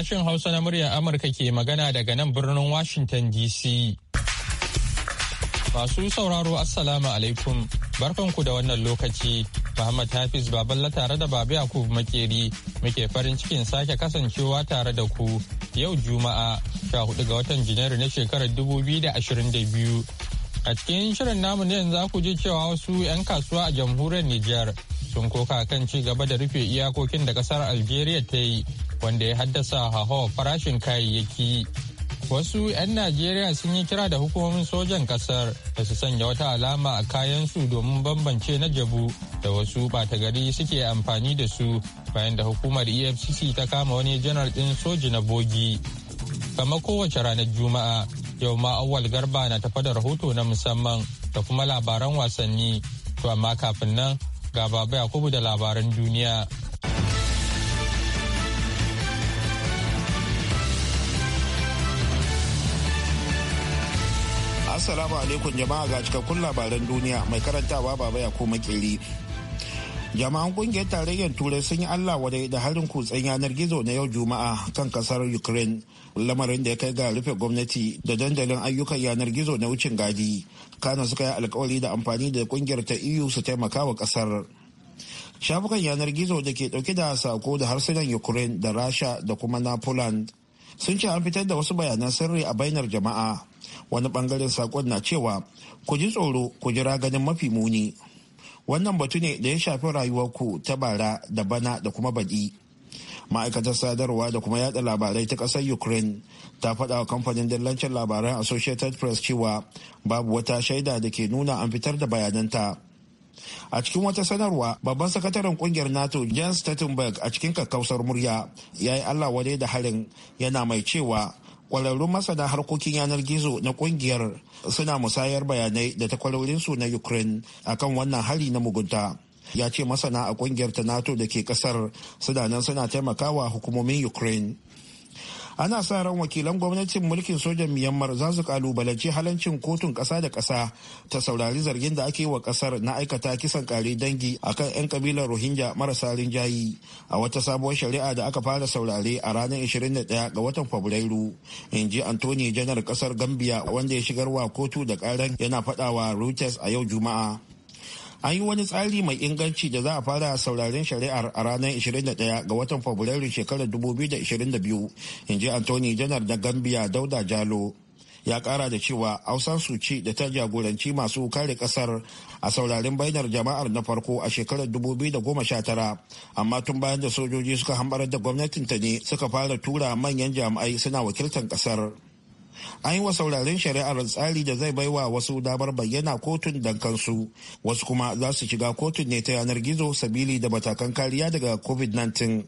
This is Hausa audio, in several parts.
Sashen Hausa na murya Amurka ke magana daga nan birnin Washington DC. Masu sauraro Assalamu alaikum barkanku da wannan lokaci. Muhammad Hafiz Baballa tare da Babu Yakub Makeri muke farin cikin sake kasancewa tare da ku yau Juma'a 14 ga watan Janairu na shekarar 2022. A cikin shirin namu ne yanzu ku ji cewa wasu 'yan kasuwa a jamhuriyar Nijar sun koka kan ci gaba da rufe iyakokin da kasar Algeria ta yi wanda ya haddasa hauhawar farashin kayayyaki wasu 'yan najeriya sun yi kira da hukumomin sojan kasar da su sanya wata alama a kayansu domin bambance na jabu da wasu bata gari suke amfani da su bayan da hukumar efcc ta kama wani janar din soji na bogi kama kowace ranar juma'a yau ma awwal garba na tafa da rahoto na musamman da kuma labaran wasanni to amma kafin nan ga baba yakubu da labaran duniya Assalamu alaikum jama'a ga cikakkun labaran duniya mai karantawa baba ya koma kiri. Jama'an kungiyar tarayyar turai sun yi Allah wadai da harin kutsen yanar gizo na yau juma'a kan kasar Ukraine lamarin da ya kai ga rufe gwamnati da dandalin ayyukan yanar gizo na wucin gadi. Kana suka yi alkawari da amfani da kungiyar ta EU su taimaka wa kasar. Shafukan yanar gizo da ke dauke da sako da harsunan Ukraine da Rasha da kuma na Poland sun ce an fitar da wasu bayanan sirri a bainar jama'a wani bangaren sakon na cewa ku ji tsoro ku jira ganin mafi muni wannan batu ne da ya shafi rayuwarku ta bara da bana da kuma baɗi ma'aikatar sadarwa da kuma yada labarai ta ƙasar ukraine ta faɗa wa kamfanin dillancin labaran associated press cewa babu wata shaida da ke nuna an fitar da bayananta a cikin wata sanarwa babban sakataren kungiyar nato jens stettenberg a cikin kakkausar murya ya yi allah wadai da harin yana mai cewa kwararrun masana harkokin yanar gizo na kungiyar suna musayar bayanai da takwarorinsu na ukraine akan wannan hari na mugunta ya ce masana a kungiyar ta nato da ke kasar suna nan suna taimakawa hukumomin ukraine ana sa ran wakilan gwamnatin mulkin sojan myanmar za su kalubalanci halancin kotun kasa da kasa ta saurari zargin da ake wa kasar na aikata kisan kare dangi akan 'yan kabilar rohingya marasa rinjayi a wata sabuwar shari'a da aka fara saurare a ranar 21 ga watan fabrairu in ji anthony janar kasar gambia wanda ya shigarwa kotu da karan yana fadawa reuters a yau juma'a an yi wani tsari mai inganci da za a fara sauraren shari'ar a ranar 21 ga watan fabrairu shekarar 2022 in ji anthony janar da gambia dauda jalo ya kara da cewa ausan suci da ta jagoranci masu kare kasar a sauraren bainar jama'ar na farko a shekarar 2019 amma tun bayan da sojoji suka hambarar da gwamnatin ta ne suka fara tura manyan jami'ai suna wakiltar kasar an yi wa sauraren shari'ar tsari da zai baiwa wasu damar bayyana kotun dankansu wasu kuma za su shiga kotun ne ta yanar gizo sabili da matakan kariya daga covid-19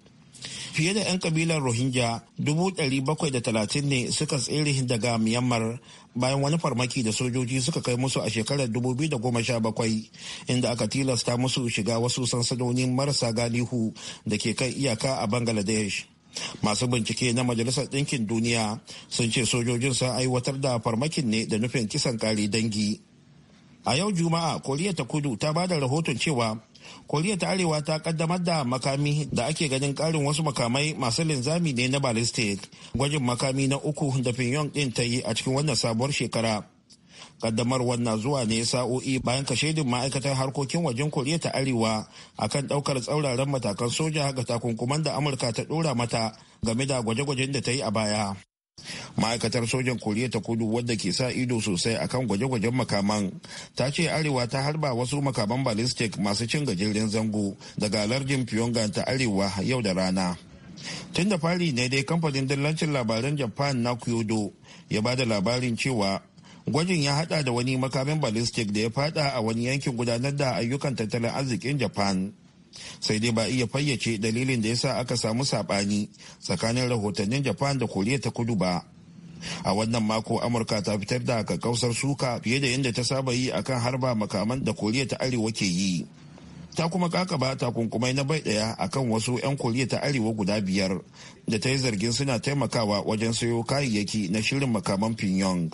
fiye da 'yan kabilar rohingya 730 ne suka tsere daga myanmar bayan wani farmaki da sojoji suka kai musu a shekarar 2017 inda aka tilasta musu shiga wasu sansanonin marasa galihu da ke kai iyaka a bangladesh masu bincike na majalisar ɗinkin duniya sun ce sojojin sun aiwatar da farmakin ne da nufin kisan kare dangi a yau juma'a koriya ta kudu ta ba da rahoton cewa koriya ta arewa ta kaddamar da makami da ake ganin karin wasu makamai masu linzami ne na ballistic gwajin makami na uku da pyongyang din ta yi a cikin wannan sabuwar shekara kaddamar wannan zuwa ne sa'o'i bayan ka shaidin ma'aikatar harkokin wajen koriya ta arewa akan daukar tsauraran matakan soja ga takunkuman da amurka ta dora mata game da gwaje-gwajen da ta yi a baya ma'aikatar sojan koriya ta kudu wadda ke sa ido sosai akan gwaje-gwajen makaman ta ce arewa ta harba wasu makaman ballistic masu cin gajeren zango daga lardin pyongyang ta arewa yau da rana tun da fari ne dai kamfanin dillancin labaran japan na kyodo ya ba da labarin cewa gwajin ya hada da wani makamin ballistic da ya fada a wani yankin gudanar da ayyukan tattalin arzikin japan sai dai ba iya fayyace dalilin da yasa aka samu sabani tsakanin rahotannin japan da koriya ta kudu ba a wannan mako amurka ta fitar da kakkausar suka fiye da yadda ta saba yi akan harba makaman da koriya ta arewa ke yi ta kuma kaka kakaba takunkumai na bai daya akan wasu 'yan koriya ta arewa guda biyar da ta yi zargin suna taimakawa wajen sayo kayayyaki na shirin makaman pyongyang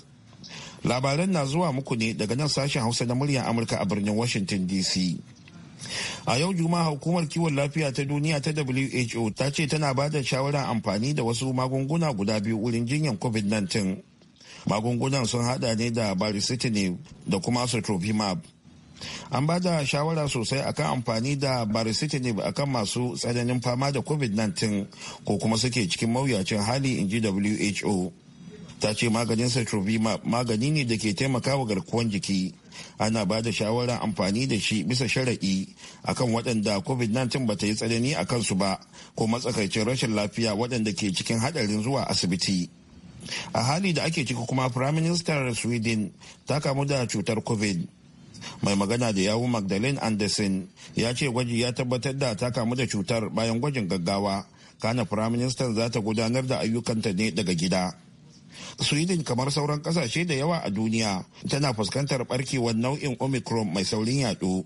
labaran na zuwa muku ne daga nan sashen hausa na muryar amurka a birnin washington dc a yau juma'a hukumar kiwon lafiya ta duniya ta who ta ce tana ba da shawarar amfani da wasu magunguna guda biyu wurin jinyar covid-19 magungunan sun hada ne da baricitinib da kuma sotrovimab an ba da shawara sosai akan amfani da baricitinib akan masu tsananin fama da covid-19 ko kuma suke cikin mawuyacin hali in ji who ta ce maganin citrovimab magani ne da ke taimakawa garkuwan jiki ana ba da shawarar amfani da shi bisa shara'i akan waɗanda covid-19 ba ta yi tsanani a kansu ba ko matsakaicin rashin lafiya waɗanda ke cikin haɗarin zuwa asibiti a hali da ake ciki kuma firaministan sweden ta kamu da cutar covid mai magana da yawun magdalene anderson ya ce gwaji ya tabbatar da ta kamu da cutar bayan gwajin gaggawa kana firaministan za ta gudanar da ayyukanta ne daga gida sweden kamar sauran kasashe da yawa a duniya tana fuskantar barkewar nau'in omicron mai saurin yaɗo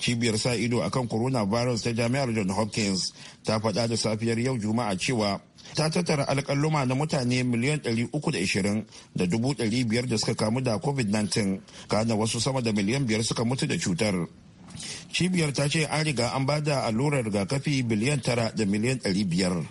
cibiyar sa ido akan coronavirus ta jami'ar john hopkins ta faɗa da safiyar yau juma'a cewa ta tattara alkaluma na mutane miliyan 320 da biyar da suka kamu da covid-19 kana wasu sama da miliyan biyar suka mutu da cutar cibiyar ta ce an riga an ba da allurar rigakafi biliyan tara da miliyan biyar.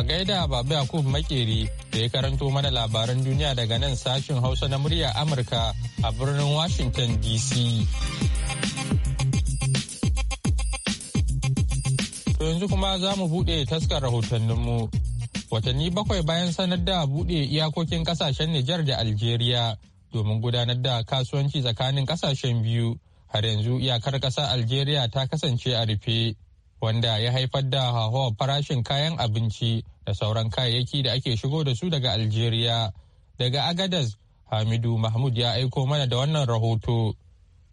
A gaida Baba Yakub Makeri da ya karanto mana labaran duniya daga nan sashen Hausa na murya Amurka a birnin Washington DC. To yanzu kuma za mu buɗe taskar rahotanninmu. Watanni bakwai bayan sanar da buɗe iyakokin kasashen Nijar da Algeria domin gudanar da kasuwanci tsakanin kasashen biyu har yanzu iyakar ƙasar Algeria ta kasance a rufe. wanda ya haifar da hauhawar farashin kayan abinci da sauran kayayyaki da ake shigo da su daga Algeria. Daga Agadez, Hamidu Mahmud ya aiko mana da wannan rahoto.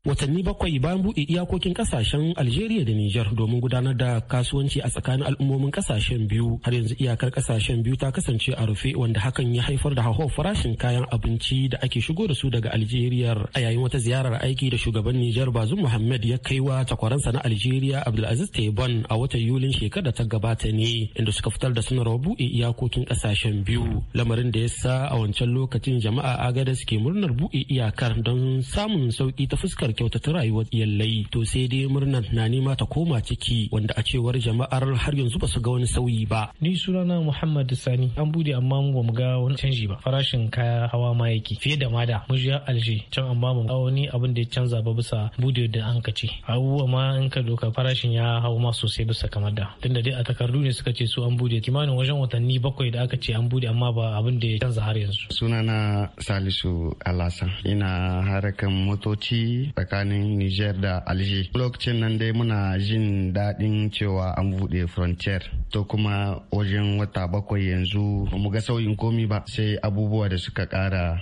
watanni bakwai bayan buɗe iyakokin kasashen Algeria da Niger domin gudanar da kasuwanci a tsakanin al'ummomin kasashen biyu har yanzu iyakar kasashen biyu ta kasance a rufe wanda hakan ya haifar da hauhawar farashin kayan abinci da ake shigo da su daga Algeria a yayin wata ziyarar aiki da shugaban Nijar bazum Muhammad ya kai wa takwaransa na Algeria Abdulaziz Tebboune a watan Yulin shekarar ta gabata ne inda suka fitar da sanarwar buɗe iyakokin kasashen biyu lamarin da ya sa a wancan lokacin jama'a agada suke murnar buɗe iyakar don samun sauƙi ta fuskar kyautata rayuwar iyalai to sai dai murnar na nema ta koma ciki wanda a cewar jama'ar har yanzu ba su ga wani sauyi ba ni sunana muhammad sani an bude amma mu bamu ga wani canji ba farashin kaya hawa ma yake fiye da ma da mu je alje can amma bamu ga wani abin da ya canza ba bisa bude da an ka ce abubuwa ma in ka doka farashin ya hau ma sosai bisa kamar da tunda dai a takardu ne suka ce su an bude kimanin wajen watanni bakwai da aka ce an bude amma ba abin da ya canza har yanzu sunana salisu alasan ina harakan motoci tsakanin niger da alger lokacin nan dai muna jin daɗin cewa an buɗe frontier to kuma wajen wata bakwai yanzu mu ga sauyin komi ba sai abubuwa da suka ƙara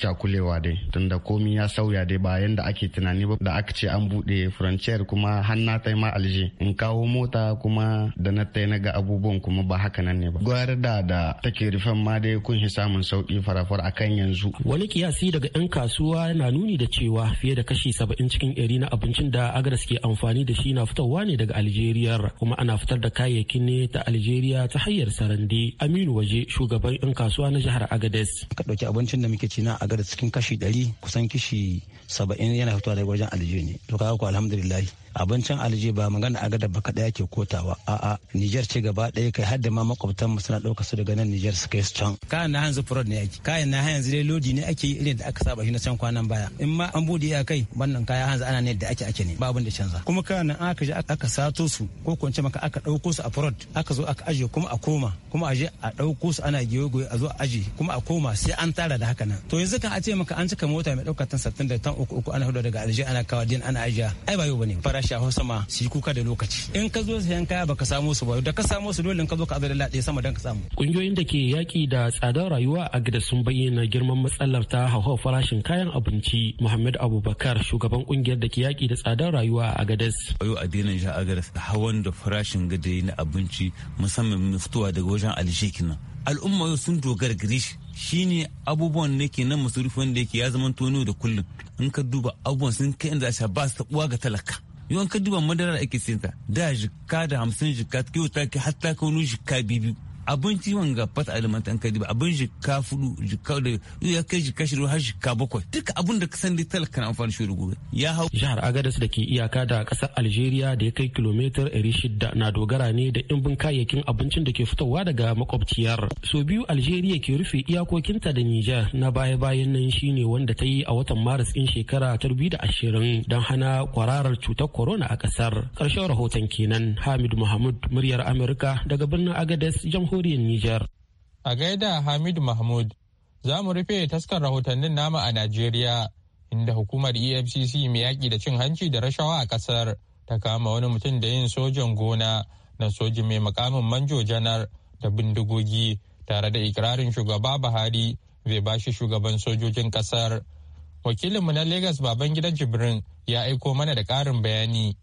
cakulewa dai tunda komi ya sauya dai ba yanda ake tunani ba da aka ce an bude frontier kuma hanna ta ma alje in kawo mota kuma da na ta na ga abubuwan kuma ba haka nan ne ba gwar da da take rufan ma dai kun shi samun sauki farafar akan yanzu wani kiyasi daga yan kasuwa na nuni da cewa fiye da kashi saba'in cikin ɗari na abincin da agaras ke amfani da shi na fitowa ne daga algeria kuma ana fitar da kayayyakin ne ta algeria ta hanyar sarande aminu waje shugaban yan kasuwa na jihar agades ka ɗauki abincin da muke ci na a gada cikin kashi ɗari kusan kishi saba'in yana fitowa daga wajen alje ne to kaga ko alhamdulillah abincin alje ba magana a gada baka daya ke kotawa a Niger ce gaba daya kai har da ma makwabtan mu suna dauka su daga nan Niger su kai su can kayan na hanzu prod ne yake kai na hanzu dai lodi ne ake irin da aka saba shi na can kwanan baya in ma an bude ya kai wannan kaya hanzu ana ne da ake ake ne babu da canza kuma kayan nan aka ji aka sato su ko ko maka aka dauko su a prod aka zo aka aje kuma a koma kuma aje a dauko su ana goye a zo aje kuma a koma sai an tara da haka nan to yanzu sukan a ce maka an cika mota mai ɗaukar tan sattin da tan uku uku ana hudu daga alje ana kawo din ana ajiya ai ba yau bane farashi a hausa ma su yi kuka da lokaci in ka zo sayan kaya baka samo su ba da ka samo su dole ka zo ka azar da sama dan ka samu kungiyoyin da ke yaki da tsadar rayuwa a gida sun bayyana girman matsalar ta hauhawar farashin kayan abinci muhammad abubakar shugaban kungiyar da ke yaki da tsadar rayuwa a gadas. yau a sha a gadas hawan da farashin gadayi na abinci musamman fitowa daga wajen alshe kenan al'umma yau sun dogara gare shi shine abubuwan da ke nan masarufi wanda yake ya zama tono da kullum in ka duba abubuwan sun kai inda sha ba su taɓuwa ga talaka yau in ka duba madara da ake sinta da jikka da hamsin jikka ta kai hatta kai wani jikka biyu abinci ga fata alimantan kadi ba abin jika fudu jika da ya kai jika shiru har jika bakwai duka abin da kasan dai talaka na amfani shiru gobe ya hau jihar agadas da ke iyaka da kasar algeria da ya kai kilomitar 600 na dogara ne da imbin kayayyakin abincin da ke fitowa daga makwabciyar so biyu algeria ke rufe iyakokinta da nijar na baya-bayan nan shine wanda ta yi a watan maris ɗin shekara ta da ashirin don hana kwararar cutar corona a kasar karshen rahoton kenan hamid muhammad muryar amurka daga birnin agadas jamhuriyar jamhuriyar Nijar. A gaida Hamid Mahmud, za mu rufe taskar rahotannin nama a Najeriya, inda hukumar EFCC mai yaƙi da cin hanci da rashawa a ƙasar ta kama wani mutum da yin sojan gona na soji mai makamin manjo janar da bindigogi tare da ikirarin shugaba Buhari zai bashi shugaban sojojin ƙasar. Wakilinmu na Legas Babangida Jibrin ya aiko mana da ƙarin bayani.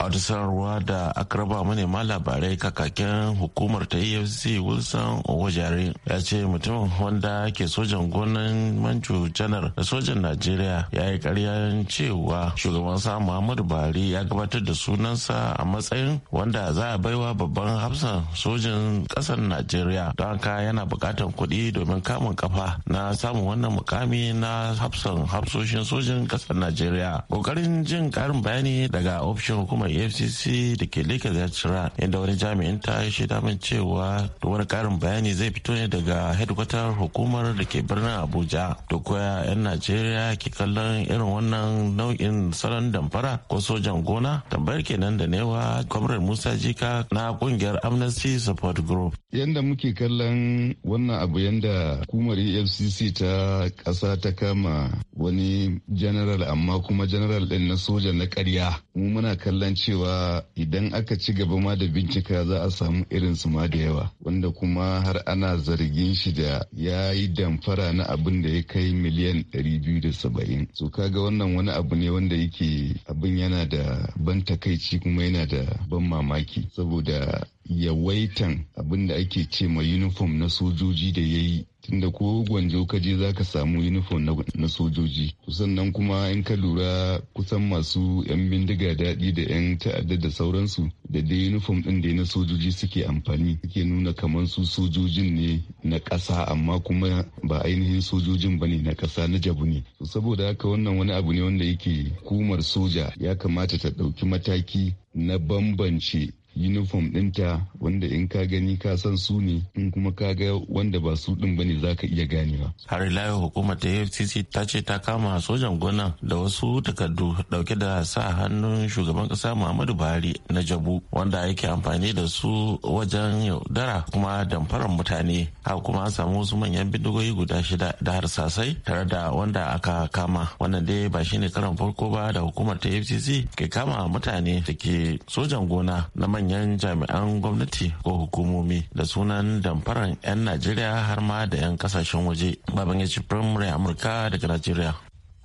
a wata sanarwa da aka raba manema labarai kakakin hukumar ta efc wilson owojare ya ce mutumin wanda ke sojan gonan manju janar da sojan najeriya ya yi karyan cewa shugaban sa muhammadu buhari ya gabatar da sunansa a matsayin wanda za a baiwa babban hafsan sojan kasar najeriya don haka yana bukatar kuɗi domin kamun kafa na samun wannan mukami na hafsan hafsoshin sojan kasar najeriya kokarin jin karin bayani daga ofishin hukumar hukumar fcc da ke leka cira inda wani jami'in ta yi shi min cewa da wani karin bayani zai fito ne daga hedkwatar hukumar da ke birnin abuja to koya 'yan najeriya ke kallon irin wannan nau'in salon damfara ko sojan gona tambayar kenan da newa kwamrar musa jika na kungiyar amnesty support group yanda muke kallon wannan abu yanda hukumar efcc ta kasa ta kama wani general amma kuma general din na soja na karya mu muna kallon cewa idan aka ci gaba ma da bincika za a samu irin su ma da yawa wanda kuma har ana zargin shi da ya yi damfara na abin da ya kai miliyan 270 so kaga wannan wani abu ne wanda yake abin yana da ban takaici kuma yana da ban mamaki saboda yawaitan abin da ake ce ma uniform na sojoji da ya yi tunda ko gwanjo ka je za ka samu uniform na sojoji sannan kuma in ka lura kusan masu 'yan bindiga daɗi da 'yan ta'adda da sauransu da dai uniform ɗin da na sojoji suke amfani suke nuna kamar su sojojin ne na ƙasa amma kuma ba ainihin sojojin ba ne na ƙasa na jabu ne saboda haka wannan wani abu ne wanda yake kumar soja ya kamata ta ɗauki mataki na bambance uniform ɗinta wanda in ka gani ka san su ne in kuma ka ga wanda ba su ɗin bane za ka iya ganewa. har ila hukumar ta fcc ta ce ta kama sojan gona da wasu takardu dauke da sa hannun shugaban kasa muhammadu buhari na jabu wanda yake amfani da su wajen yaudara kuma damfarar mutane haka kuma an samu wasu manyan bindigogi guda shida da har harsasai tare da wanda aka kama wannan dai ba shine karan farko ba da hukumar ta fcc ke kama mutane da ke sojan gona na manyan manyan jami'an gwamnati ko hukumomi da sunan damfarar 'yan najeriya har ma da 'yan kasashen waje baban ya ci firamare amurka daga najeriya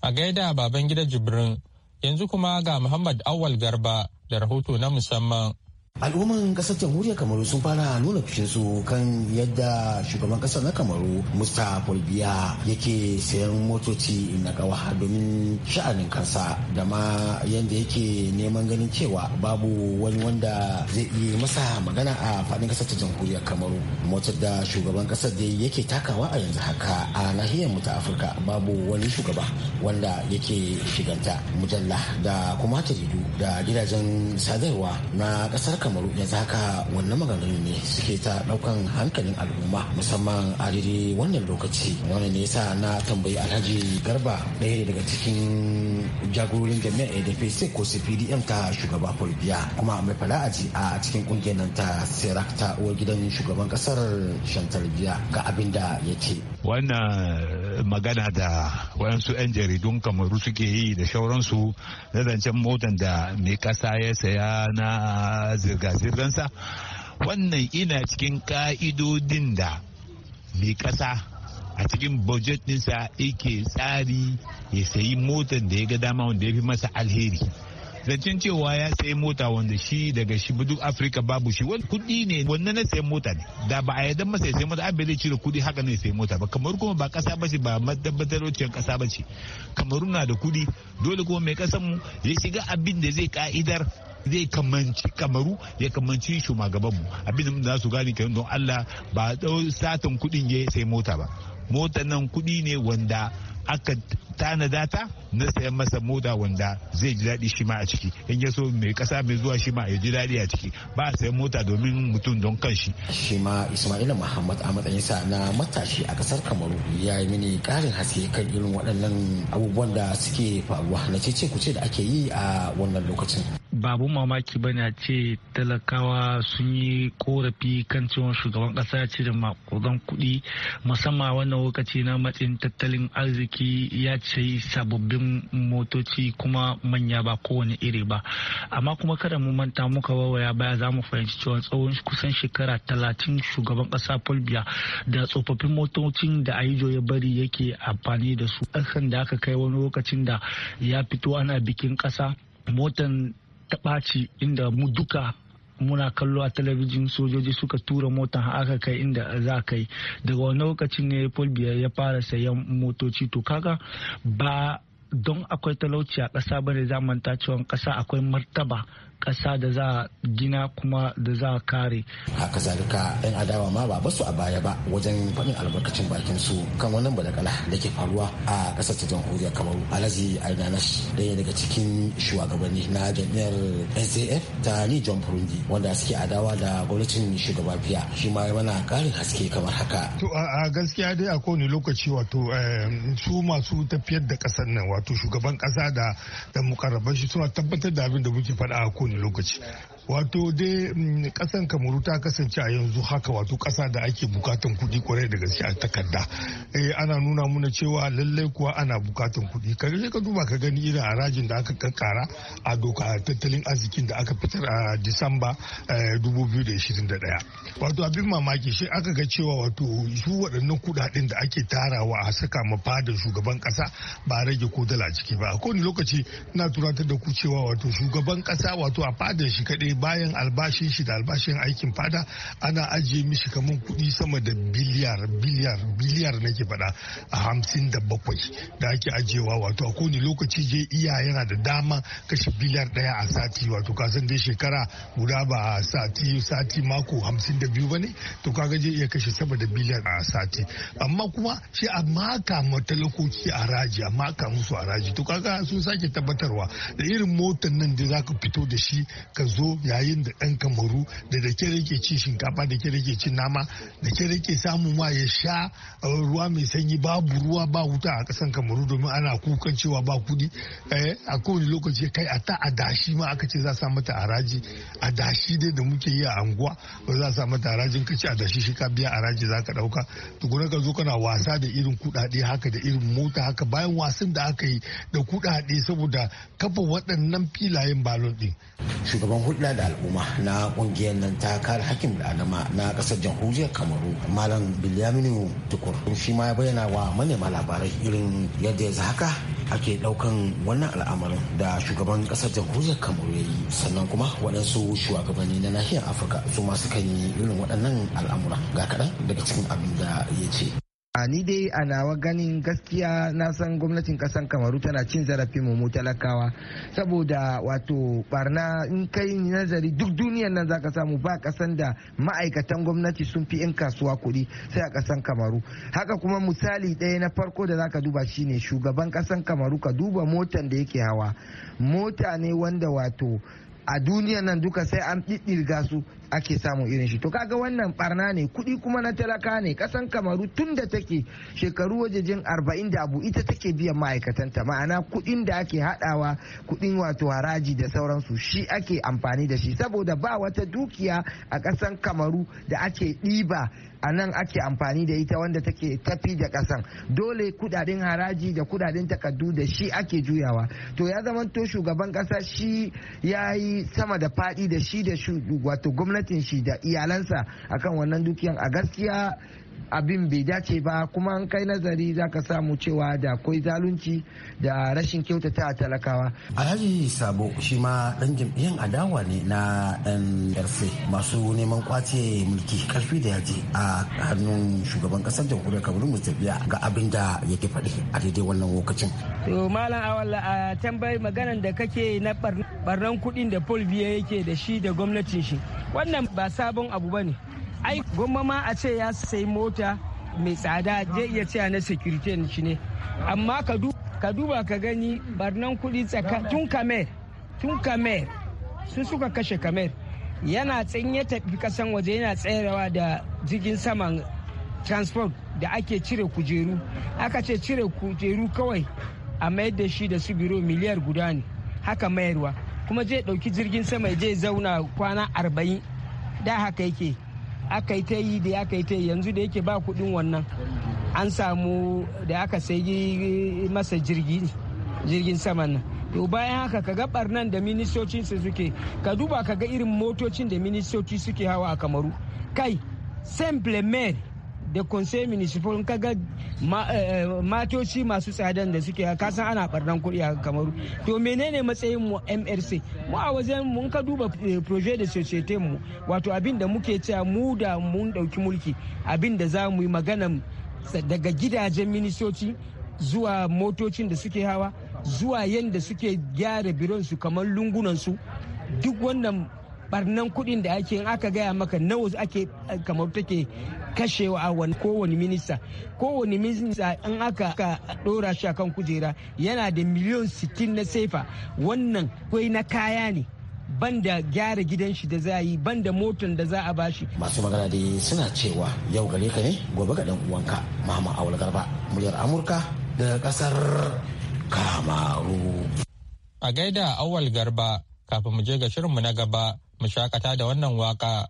a gaida baban gida jibrin yanzu kuma ga muhammad awal garba da rahoto na musamman al'umman kasar jamhuriyar kamaru sun fara nuna su kan yadda shugaban kasar na kamaru musta biya yake sayan motoci na kawa domin sha'anin kansa da ma yadda yake neman ganin cewa babu wani wanda zai iya masa magana a faɗin kasar ta jamhuriyar kamaru motar da shugaban kasar da yake takawa a yanzu haka a nahiyar mu ta afirka babu wani shugaba wanda yake shiganta mujalla da kuma da gidajen sadarwa na kasar kamaru yanzu haka wannan maganganu ne suke ta daukan hankalin al'umma musamman a daidai wannan lokaci wani ne yasa na tambayi alhaji garba ɗaya daga cikin jagororin jami'ar adp ko su cpdm ta shugaba biya kuma mai fala'aji a cikin kungiyar nan ta serak ta uwar gidan shugaban kasar shantar biya ga abin da ya ce wannan eh, magana da waɗansu 'yan jaridun kamaru suke yi da shauransu na zancen motan da mai ƙasa ya saya na zirga-zirgansa wannan ina cikin ƙa'idodin da mai ƙasa a cikin budget ɗinsa yake tsari ya sayi motan da ya ga dama wanda ya fi masa alheri zancen cewa ya sayi mota wanda shi daga shi duk afirka babu shi wani kuɗi ne wannan na sayi mota ne da ba a yarda masa ya sayi mota abin da cire kuɗi haka ne sayi mota ba kamar kuma ba ƙasa ba ce ba wacce ƙasa ba ce kamaru na da kuɗi dole kuma mai ƙasar mu ya shiga abin da zai ka'idar zai kamanci kamaru ya kamanci shugaban mu abin da za su gane kenan don Allah ba satan kuɗin ya sai mota ba mota nan kuɗi ne wanda aka tanadata data na sayan masa mota wanda zai ji daɗi shi ma a ciki in ya so mai ƙasa mai zuwa shi ma ya ji daɗi a ciki ba a sayan mota domin mutum don kanshi. shi ma ismaila muhammad a matsayin sa na matashi a kasar kamaru ya yi mini ƙarin haske kan irin waɗannan abubuwan da suke faruwa na cece kuce da ake yi a wannan lokacin. babu mamaki ba a ce talakawa sun yi korafi kan cewa shugaban kasa ya cire makudan kuɗi musamman wannan lokaci na matsin tattalin arziki ya ce sababbin motoci kuma manya ba kowane iri ba amma kuma kada mu manta muka wawaya baya za mu fahimci cewa tsawon kusan shekara talatin shugaban kasa fulbiya da tsofaffin motocin da ayijo ya bari yake amfani da su da aka kai wani lokacin da ya fito ana bikin kasa motan ta ɓaci inda mu duka muna kallo a talabijin sojoji suka tura mota aka kai inda za kai daga wani lokacin ne paul biyar ya fara sayan motoci to kaga ba don akwai talauci a ƙasa ba ne zamanta cewa ƙasa akwai martaba ƙasa da za a gina kuma da za a kare. Haka zalika 'yan adawa ma ba basu a baya ba wajen faɗin albarkacin bakin su kan wannan balakala da ke faruwa a ƙasar ta jamhuriyar Kamaru. Alhaji Ainanash ɗaya daga cikin shugabanni na jam'iyyar SAF ta ni John Burundi wanda suke adawa da gwamnatin shugaban Fiya shi ma ya mana ƙarin haske kamar haka. To a gaskiya dai a kowane lokaci wato su masu tafiyar da ƙasar nan wato shugaban ƙasa da mukarraban shi suna tabbatar da abin da muke faɗa a kowane 路过去。wato dai kasan mm, kamaru ta kasance a yanzu haka wato kasa da ake bukatan kudi kwarai da gaske a takarda eh, ana nuna muna cewa lallai kuwa ana bukatan kudi ka ka duba ka gani irin harajin da aka kankara a doka tattalin arzikin da aka fitar a disamba 2021 eh, wato abin mamaki shi aka ga cewa wato su waɗannan kudaden da ake tarawa a saka ma fadar shugaban kasa ba rage ko dala ciki ba Ko kowane lokaci na turatar da ku cewa wato shugaban kasa wato a fadar shi kaɗai bayan albashin shi da albashin aikin fada ana ajiye mishi kamar kuɗi sama da biliyar biliyar biliyar na ke faɗa a hamsin da bakwai da ake ajiyewa wato a kowane lokaci je iya yana da dama kashe biliyar ɗaya a sati wato kasan dai shekara guda ba a sati sati mako hamsin da biyu ba ne to kaga je iya kashe sama da biliyar a sati amma kuma shi a maka matalakoki a raji a maka musu a raji to kaga sun sake tabbatarwa da irin motan nan da za ka fito da shi ka zo yayin da ɗan kamaru da da ke rike ci shinkafa da ke rike ci nama da ke rike samu ma ya sha ruwa mai sanyi babu ruwa ba wuta a ƙasan kamaru domin ana kukan cewa ba kuɗi eh, a kowane lokaci kai a ta adashi ma aka ce za a sa mata haraji adashi dai da muke yi a anguwa ba za a sa mata harajin ka ci adashi shi ka biya haraji za ka ɗauka tukuna ka zo kana wasa da irin kuɗaɗe haka da irin mota haka bayan wasan da aka yi da kuɗaɗe saboda kafa waɗannan filayen balon ɗin. shugaban hulɗa da al'umma na kungiyar nan ta kare hakkin adama na kasar jamhuriyar kamaru malam bilyaminu tukur shi ma ya bayyana wa manema labarai irin yadda ya haka ake daukan wannan al'amarin da shugaban kasar jamhuriyar kamaru ya yi sannan kuma waɗansu shugabanni na nahiyar afirka su masu kan yi irin waɗannan al'amura ga kaɗan daga cikin abin da ya ce a ni dai a nawa ganin gaskiya na san gwamnatin kasan kamaru tana cin zarafin mu talakawa saboda wato barna in kai nazari duk duniyar nan zaka samu ba kasan da ma'aikatan gwamnati sun fi in kasuwa kuɗi sai a kasan kamaru haka kuma misali ɗaya na farko da zaka duba shine shugaban kasan kamaru ka duba motan da yake hawa mota ne wanda wato a duniya nan duka sai an ɗiɗɗirga su ake samu irin shi to kaga wannan barna ne kudi kuma na talaka ne kasan kamaru tun da take shekaru wajejin arba'in da abu ita take biyan ma'aikatanta ma'ana kudin da ake hadawa kudin wato haraji da sauransu shi ake amfani da shi saboda ba wata dukiya a kasan kamaru da ake ɗiba a nan ake amfani da ita wanda take tafi da kasan dole kudaden haraji da kudaden takardu da shi ake juyawa to ya zamanto shugaban kasa shi ya yi sama da fadi da shi da wato gwamnati gwamnatin shi da iyalansa akan wannan dukiyan a gaskiya abin bai dace ba kuma an kai nazari za ka samu cewa da akwai zalunci da rashin kyautata a talakawa. Alhaji Sabo shi ma dan jam'iyyar adawa ne na dan NRC masu neman kwace mulki karfi da yaji a hannun shugaban ƙasar jamhuriyar mu tafiya ga abin da yake faɗi a daidai wannan lokacin. To Malam Awalla a tambayi maganan da kake na barnan kuɗin da Paul Biya yake da shi da gwamnatin shi. Wannan ba sabon abu ba ne. ai gwamma ma a ce ya sai mota mai tsada zai iya cewa na security shi ne amma ka duba ka gani barnan kudi tun kamer tun kamer sun suka kashe kamer yana ya tafi kasan waje yana tsayarwa da jirgin saman transport da ake cire kujeru aka ce cire kujeru kawai a mayar da shi da su biro miliyar guda ne haka mayarwa kuma zai ɗauki jirgin sama je zauna kwana arba'in da haka yake aka yi ta yi da aka yi ta yi yanzu da yake ba kuɗin wannan an samu da aka sayi masa jirgi jirgin saman nan to bayan haka ka ga barnan da ministocin su suke ka duba ka ga irin motocin da ministoci suke hawa a kamaru kai simple mere. da conseil municipal ka eh, matoci masu tsadan da suke ka san ana barnan kuɗi a kamaru to menene matsayin mu MRC mu a wajen mun ka duba eh, projet de société mu wato abin da muke cewa mu da mun dauki mulki abin da za mu yi magana daga gidajen ministoci zuwa motocin da suke hawa zuwa yadda suke gyara bironsu kamar lungunan su duk wannan barnan kuɗin da ake aka gaya maka nawa ake eh, kamar take kashewa a wani kowane minista kowane minista in aka dora shi akan kujera yana da miliyon 60 na sefa wannan kwai na kaya ne banda gyara gidan shi da za yi banda motan da za a bashi. Masu magana da suna cewa yau gare ka ne gobe ga dan uwanka Mama Awul Garba muryar Amurka da kasar Kamaru. A gaida Awal Garba kafin mu je ga shirinmu na gaba mu shakata da wannan waka.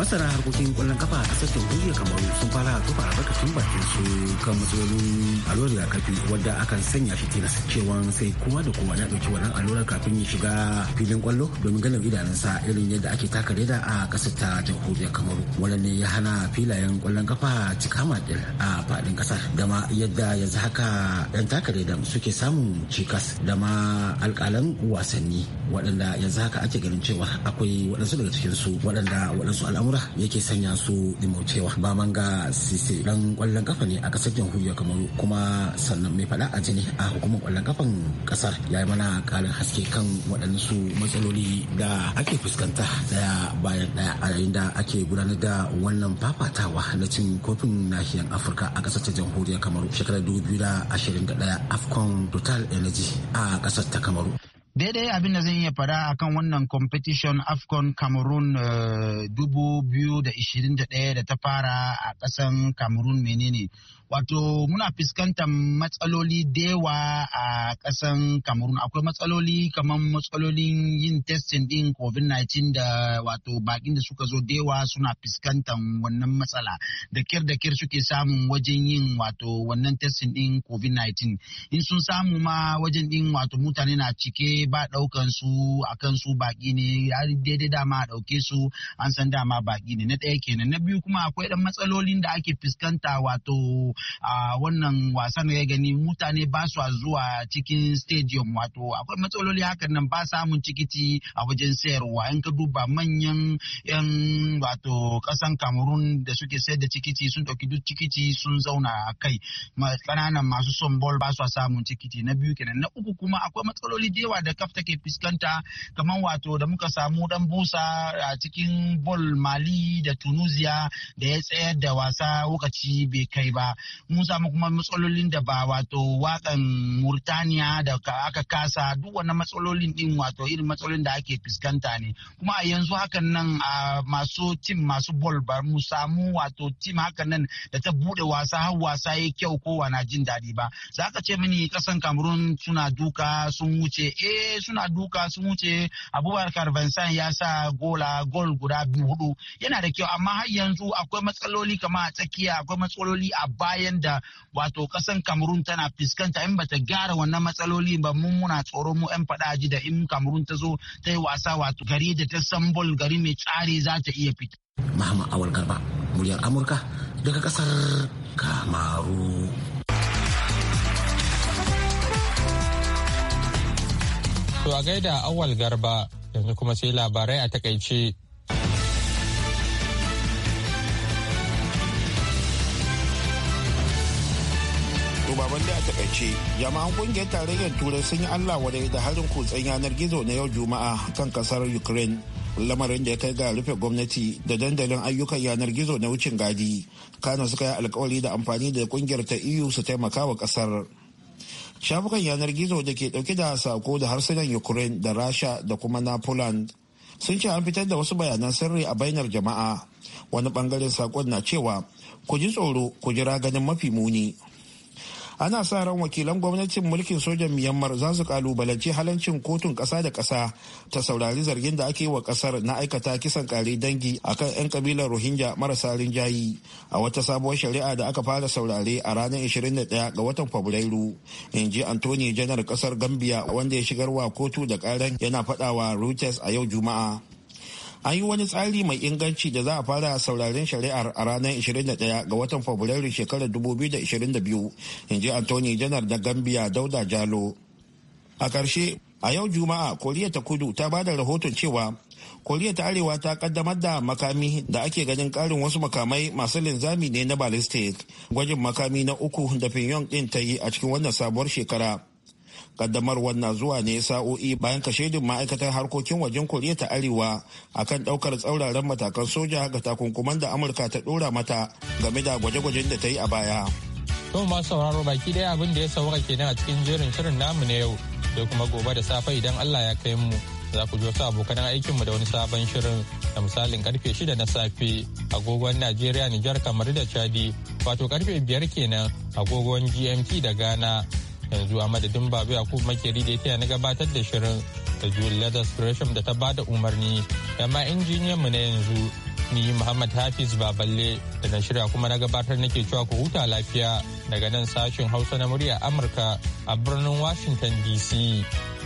masana harkokin kwallon kafa a kasar jamhuriyar kamaru sun fara tufa albarkacin bakin su kan matsalolin allurar rigakafi wadda akan sanya shi tilas cewa sai kuma da kuma na dauki wannan allurar kafin ya shiga filin kwallo domin ganin sa irin yadda ake taka reda a kasar ta jamhuriyar kamaru wannan ne ya hana filayen kwallon kafa cika maɗin a faɗin kasar dama yadda yanzu haka yan taka reda suke samun cikas da ma alƙalan wasanni waɗanda yanzu haka ake ganin cewa akwai waɗansu daga cikinsu waɗanda waɗansu al'amuran al'amura yake sanya su dimaucewa ba manga sise dan kwallon kafa ne a kasar jamhuriyar kamaru kuma sannan mai fada a jini a hukumar kwallon kafan kasar ya yi mana karin haske kan waɗansu matsaloli da ake fuskanta daya bayan daya a yayin da ake gudanar da wannan fafatawa na cin kofin nahiyar afirka a kasar ta jamhuriyar kamaru shekarar 2021 afcon total energy a kasar ta kamaru daidai abin da zan iya a kan wannan competition afcon cameroon eh, dubu biyu da ishirin da daya da ta fara a kasan cameroon menene wato muna fuskantar matsaloli dewa a ƙasan cameroon akwai matsaloli kamar matsalolin yin testing din covid-19 da wato bakin da suka zo dewa suna fuskantar wannan matsala da kyar da kyar suke samun wajen yin wato wannan testing din covid-19 in sun samu ma wajen din wato mutane na cike ba ɗaukan su kan su baki ne daidai dama a ɗauke su an san dama baki ne na ɗaya kenan na biyu kuma akwai ɗan matsalolin da ake fuskanta wato a wannan wasan ya gani mutane ba su zuwa cikin stadium wato akwai matsaloli hakan nan ba samun cikiti a wajen sayarwa in ka duba manyan yan wato kasan cameroon da suke sayar da cikiti sun ɗauki duk cikiti sun zauna a kai ƙananan masu son bol ba su samun cikiti na biyu kenan na uku kuma akwai matsaloli da yawa da da kaf take fuskanta kamar wato da muka samu dan busa a cikin bol mali da tunisia da ya tsayar da wasa lokaci bai kai ba mun samu kuma matsalolin da ba wato wakan murtaniya da aka kasa duk wannan matsalolin din wato irin matsalolin da ake fuskanta ne kuma a yanzu hakan nan a masu tim masu bol ba mu samu wato tim hakan nan da ta bude wasa har wasa ya kyau kowa na jin daɗi ba za ka ce mini kasan cameroon suna duka sun wuce eh suna duka sun wuce abubakar vincent ya sa gola gol guda biyu hudu yana da kyau amma har yanzu akwai matsaloli kama a tsakiya akwai matsaloli a bayan da wato kasan cameroon tana fuskanta in bata gyara wannan matsaloli ba mun muna tsoro mu yan fadaji da in cameroon ta zo ta yi wasa wato gari da ta san bol gari mai tsari za ta iya fita. Mahama Awal Garba, muryar Amurka daga kasar Kamaru. To a gaida awal garba yanzu kuma sai labarai a takaice. Baban da a takaice, jama'an kungiyar tarayyar turai sun yi Allah wadai da harin kutsen yanar gizo na yau juma'a kan kasar Ukraine. lamarin da ya kai ga rufe gwamnati da dandalin ayyukan yanar gizo na wucin gadi kano suka yi alkawari da amfani da kungiyar ta eu su taimaka wa kasar shafukan yanar gizo da ke dauke da sako da harsunan ukraine da rasha da kuma na poland sun ce an fitar da wasu bayanan sirri a bainar jama'a wani bangaren sakon na cewa ku ji tsoro ku jira ganin mafi muni ana sa ran wakilan gwamnatin mulkin sojan myanmar za su kalubalanci halancin kotun kasa da kasa ta saurari zargin da ake wa kasar na aikata kisan kare dangi a kan 'yan kabilar rohingya marasa rinjayi a wata sabuwar shari'a da aka fara saurare a ranar 21 ga watan fabrairu in ji antoni janar kasar gambia wanda ya shigarwa kotu da ƙaran yana fadawa reuters a yau juma'a an yi wani tsari mai inganci da za a fara sauraren shari'ar a ranar 21 ga watan fabrairu shekarar 2022 in ji anthony janar da gambia dauda jalo a ƙarshe a yau juma'a koriya ta kudu ta ba da rahoton cewa koriya ta arewa ta kaddamar da makami da ake ganin karin wasu makamai masu linzami ne na ballistic gwajin makami na uku da pyongyang din ta yi a cikin wannan sabuwar shekara kaddamar wannan zuwa ne sa'o'i bayan ka shaidun ma'aikatar harkokin wajen koriya ta arewa a kan daukar tsauraran matakan soja ga takunkuman da amurka ta dora mata game da gwaje-gwajen da ta yi a baya to masu sauraro baki daya abin da ya sauka kenan a cikin jerin shirin namu na yau da kuma gobe da safe idan allah ya kai mu za ku sa wasu abokan mu da wani sabon shirin da misalin karfe 6 na safe agogon nigeria Nijar kamar da Chadi wato karfe 5 kenan agogon GMT da Ghana yanzu a madadin babu kuma makeri da ya na gabatar da shirin da julia da gresham da ta ba da umarni amma injiniyan mu na yanzu ni Muhammad Hafiz Baballe da na shirya kuma na gabatar nake cewa ku huta lafiya daga nan sashin Hausa na murya Amurka a birnin Washington DC.